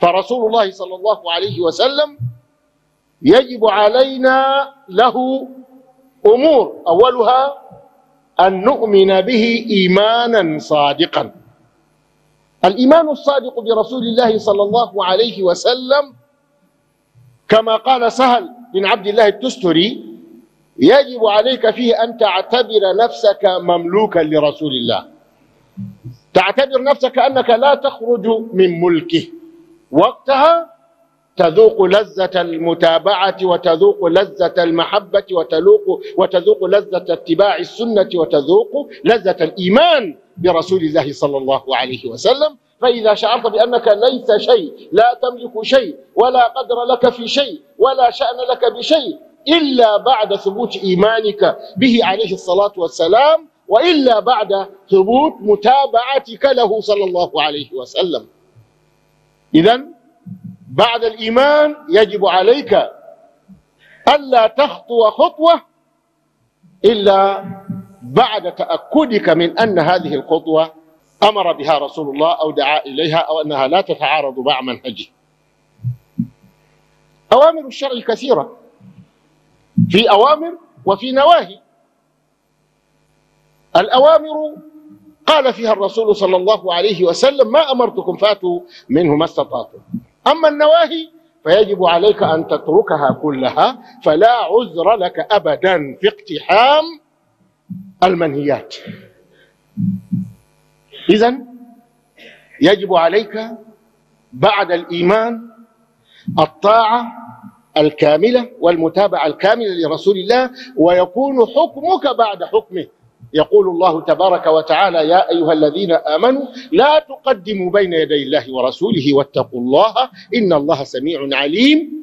فرسول الله صلى الله عليه وسلم يجب علينا له أمور أولها أن نؤمن به إيمانا صادقا الإيمان الصادق برسول الله صلى الله عليه وسلم كما قال سهل بن عبد الله التستري يجب عليك فيه أن تعتبر نفسك مملوكا لرسول الله تعتبر نفسك أنك لا تخرج من ملكه وقتها تذوق لذة المتابعة وتذوق لذة المحبة وتذوق وتذوق لذة اتباع السنة وتذوق لذة الإيمان برسول الله صلى الله عليه وسلم فإذا شعرت بأنك ليس شيء لا تملك شيء ولا قدر لك في شيء ولا شأن لك بشيء إلا بعد ثبوت إيمانك به عليه الصلاة والسلام وإلا بعد ثبوت متابعتك له صلى الله عليه وسلم إذا بعد الإيمان يجب عليك ألا تخطو خطوة إلا بعد تأكدك من أن هذه الخطوة أمر بها رسول الله أو دعا إليها أو أنها لا تتعارض مع منهجه أوامر الشرع كثيرة في أوامر وفي نواهي الأوامر قال فيها الرسول صلى الله عليه وسلم ما امرتكم فاتوا منه ما استطعتم اما النواهي فيجب عليك ان تتركها كلها فلا عذر لك ابدا في اقتحام المنهيات اذا يجب عليك بعد الايمان الطاعه الكامله والمتابعه الكامله لرسول الله ويكون حكمك بعد حكمه يقول الله تبارك وتعالى يا أيها الذين آمنوا لا تقدموا بين يدي الله ورسوله واتقوا الله إن الله سميع عليم